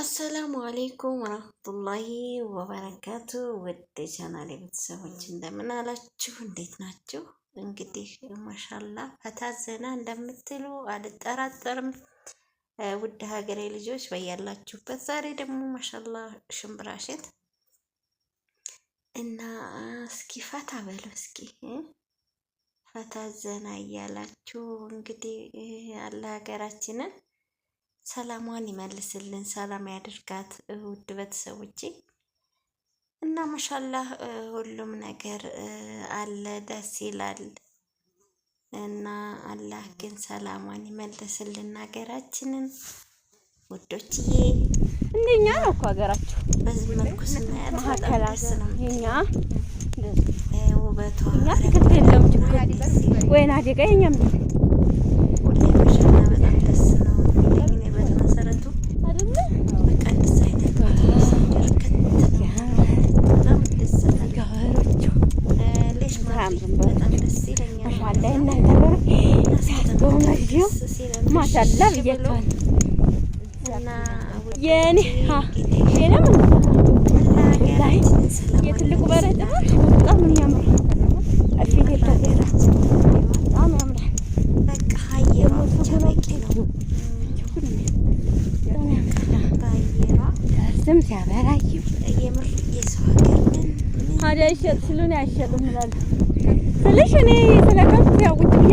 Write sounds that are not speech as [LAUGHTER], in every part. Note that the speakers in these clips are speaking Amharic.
አሰላሙ አሌይኩም ወረህመቱላሂ ወበረካቱ። ውድ ቻናል የቤተሰቦች እንደምን አላችሁ? እንዴት ናችሁ? እንግዲህ ማሻላ ፈታዘና እንደምትሉ አልጠራጠርም። ውድ ሀገሬ ልጆች በያላችሁበት፣ ዛሬ ደግሞ ማሻላ ሽምብራ ሽምብራሸት እና እስኪ ፈታ በሉ እስኪ ፈታ ዘና እያላችሁ እንግዲህ አለ ሀገራችንን ሰላሟን ይመልስልን፣ ሰላም ያድርጋት። ውድ ቤተሰቦቼ እና ማሻላህ ሁሉም ነገር አለ፣ ደስ ይላል። እና አላህ ግን ሰላሟን ይመልስልን ሀገራችንን። ውዶችዬ እንደኛ ነው እኮ ሀገራችሁ በዚህ መልኩ ስናያት መሀከላስ ነው የኛ ውበቷ። እኛ ትክክል የለውም ወይና ደጋ የኛም ማሻላ ብያቸዋል። የኔ የትልቁ በረት በጣም ነው የሚያምር። ፊት በጣም ያምራል። ደስም ሲያበራይ ስሉን አይሸጥም እላለሁ ስልሽ እኔ ስለከብት ያው ቁጭ ብዬ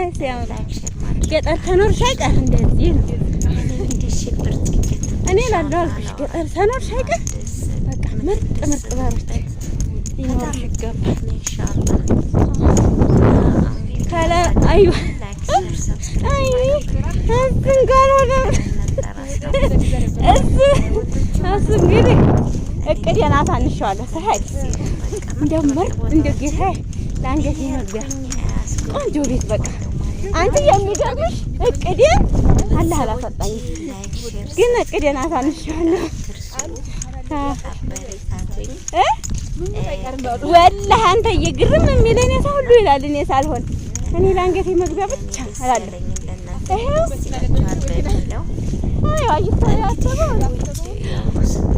ነፍስ ያውላል። ገጠር ተኖርሽ አይቀር እንደዚህ ነው። እኔ እላለሁ አልኩሽ ገጠር ተኖርሽ አይቀር በቃ ምርጥ ምርጥ ባሮች ሊኖርሽ ይገባል። ካለ አይ አይ ካልሆነ እሱ እሱ እንግዲህ እቅዴን አሳንሸዋለሁ። ተሀይ እንደው ምርጥ እንደው ጌታዬ ለአንገቴ መግቢያ ቆንጆ ቤት በቃ አንቺ የሚገርምሽ እቅዴን አላህ አላፈጣኝ ግን እቅዴን አሳንሻለሁ። ወላሂ አንተዬ ግርም የሚለኝ እኔ ሰው ሁሉ ይላል እኔ ሳልሆን እኔ ለአንገቴ መግቢያ ብቻ እላለሁ።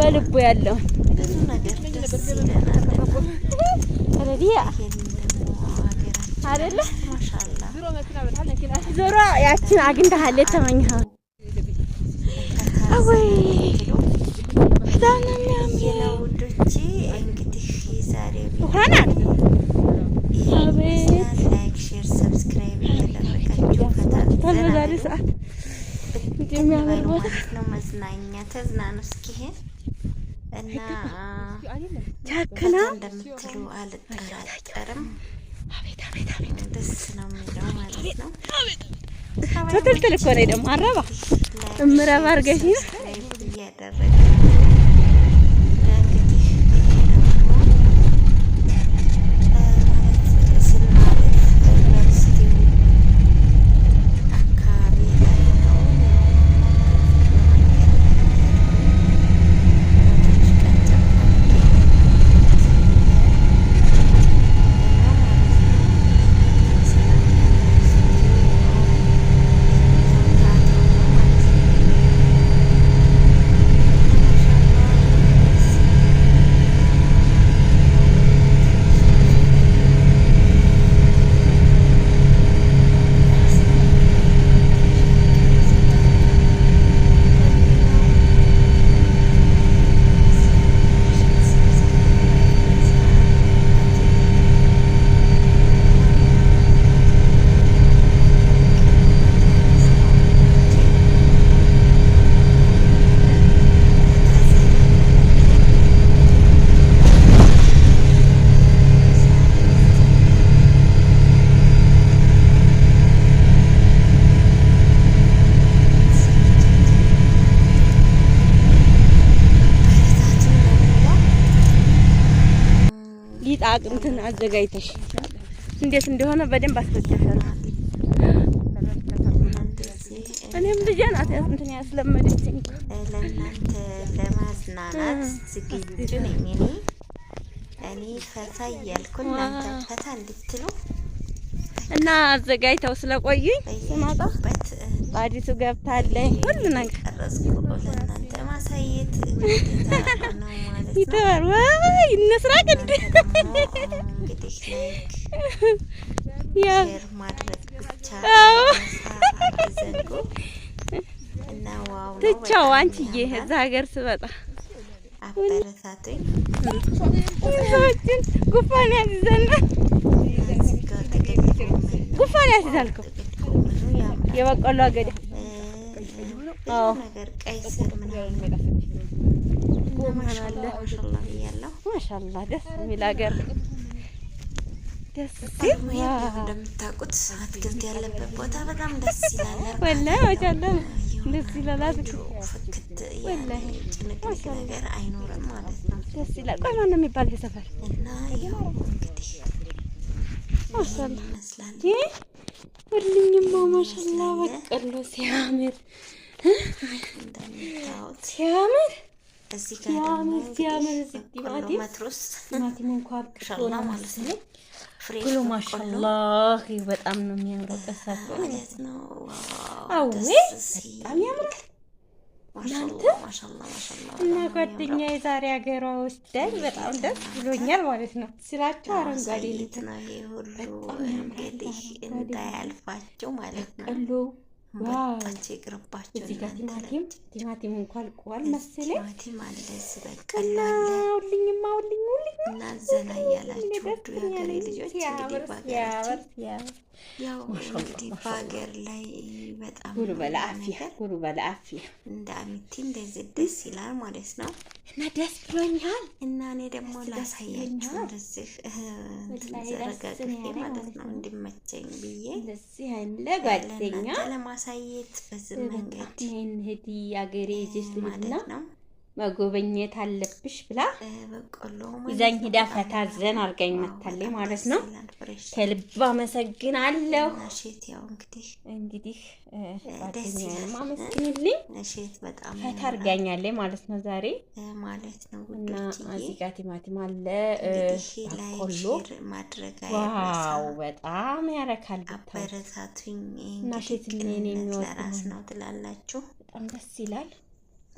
በልቡ ያለውን አይደለ? ማሻአላ ዞሮ ያችን አግኝተሃል የተመኘኸው። አወይ በጣም ነው የሚያምረው። ውዶቼ እንግዲህ ዛሬ ይሆናል። አቤት ላይክ፣ ሼር፣ ሰብስክራይብ እያደረጋችሁ ከታዛሬ ነው። መዝናኛ ተዝናኑ እስኪ እና ቻክና እንደምትሉ አልጠራጠርም። ትልትል እኮ ነኝ ደግሞ አረባ እምረባ አርገሽ ነው አዘጋጅተሽ እንዴት እንደሆነ በደንብ አስረዳሻለሁ። እኔም ልጄ ናት እንትን ያስለመደችኝ። ለእናንተ ለማዝናናት ዝግጁ ነኝ እኔ እኔ ፈታ እያልኩ እናንተ ፈታ እንድትሉ እና አዘጋጅተው ስለቆዩኝ ስማጣበት ባዲቱ ገብታለኝ ሁሉ ነገር ቀረጽኩ ለእናንተ ማሳየት ነው። ይተባል ዋይ እነስራቅ እንደ እንግዲህ ማድረግ ብቻ አንቺዬ እዛ ሀገር ስበጣ አበረታቱኝ። ሰዎችን ጉፋን ያስይዛል ጉፋን ያስይዛል እኮ የበቆሎ አገዳ ነገር ቀይ ስር ምናምን ማሻላ ማሻላ ብያለሁ። ማሻላ ደስ የሚል ሀገር ደስ ሲል እንደምታውቁት አትክልት ያለበት ቦታ በጣም ደስ ይላል። ማሻላ ደስ ይላል። ፍክት ነገር አይኖርም ማለት ነው። ደስ ይላል። ቆይ ማነው የሚባል እና እንግዲህ ማሻላ ይመስላል። ሁሉኝማ ማሻላ በቀሎ ሲያምር ሲያምር እዚህ ጋር ደግሞ ሲያምር ቲማቲም ቲማቲም እንኳን [LAUGHS] ክሽና ማለት ነው። ፍሬሽ ማሻአላህ በጣም ነው የሚያንቀሳቀሰው ማለት ነው። አዎ በጣም ያምራል። እናንተ እና ጓደኛ የዛሬ ሀገሯ ወስደን በጣም ደስ ብሎኛል ማለት ነው ስላቸው አረንጓዴ ልትናየ ሁሉ እንግዲህ እንዳያልፋቸው ማለት ነው። በጣንቺ ይቅርባቸው። እዚህ ጋር ቲማቲም ቲማቲም እንኳን ልቋል መሰለኝ። ቲማቲም አለ እዚህ ሁልኝማ ሁልኝ ሁልኝ እና ዘና እያላችሁ ውድ ልጆች እንግዲህ ባገራችሁ ያው እንግዲህ በሀገር ላይ በጣም ጉሩ በለአፊያ እንደ አሚቲ እንደዚህ ደስ ይላል ማለት ነው። እና ደስ ብሎኛል። እና እኔ ደግሞ ላሳያችሁ እንደዚህ ዘረጋግፌ ማለት ነው እንዲመቸኝ ብዬ ለጓደኛ ለማሳየት በዚህ መንገድ ያገሬ ነው መጎበኘት አለ አትበስብሽ ብላ ይዛኝ ሂዳ ፈታ ዘን አድርጋኝ መታለች ማለት ነው። ከልብ አመሰግናለሁ። እንግዲህ ጓደኛዬንም አመስግንልኝ ፈታ አድርጋኛለች ማለት ነው ዛሬ ማለት ነው። እና እዚህ ጋ ቲማቲም አለ ኮሎ ዋው በጣም ያረካል። አበረታቱኝ እናቴ ትሜን የሚወጥ ነው ትላላችሁ። በጣም ደስ ይላል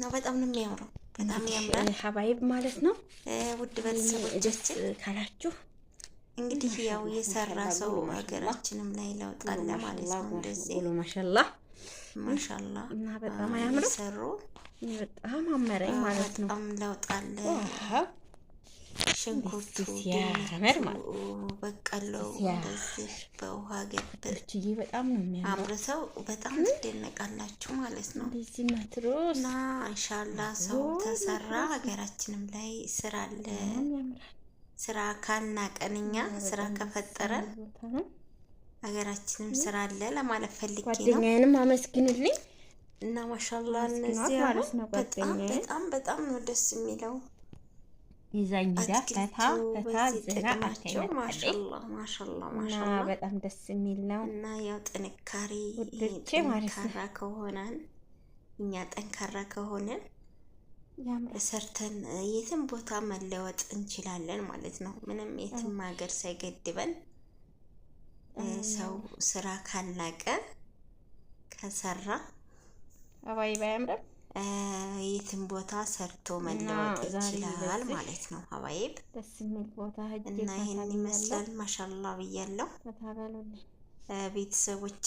ነው። በጣም ነው የሚያምረው። በጣም ያምራል ሀባይብ ማለት ነው። ውድ ቤተሰቦች ካላችሁ እንግዲህ ያው የሰራ ሰው ሀገራችንም ላይ ለውጥ አለ ማለት ነው። እንደዚህ ነው። ማሻላ ማሻላ እና በጣም ያምራል። ሰሩ በጣም አመረኝ ማለት ነው። በጣም ለውጥ አለ። ሽንኩርቱ ሲያምር ማለት በቀለው እንደዚህ በውሃ ገብር በጣም ነው በጣም ትደነቃላችሁ ማለት ነው። እና እንሻላ ሰው ተሰራ ሀገራችንም ላይ ስራ አለ። ስራ ስራ ከፈጠረን ሀገራችንም ስራ አለ ለማለት ፈልጌ ነው። ጓደኛዬንም አመስግንልኝ እና ማሻላ እነዚህ በጣም በጣም በጣም ነው ደስ የሚለው ዲዛይን ሄዳ ፈታ ፈታ ዝና አተኛል። እና በጣም ደስ የሚል ነው። እና ያው ጥንካሬ ጠንካራ ከሆነን እኛ ጠንካራ ከሆነን ሰርተን የትም ቦታ መለወጥ እንችላለን ማለት ነው። ምንም የትም ሀገር ሳይገድበን ሰው ስራ ካላቀ ከሰራ አባይ ባያምርም የትም ቦታ ሰርቶ መለወጥ ይችላል ማለት ነው። ሀዋይብ እና ይህን ይመስላል። ማሻላ ብያለው ቤተሰቦች